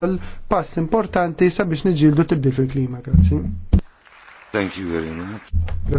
l pass importanti sabiex niġildu tibdil fil-klima. Grazie. Thank you very much.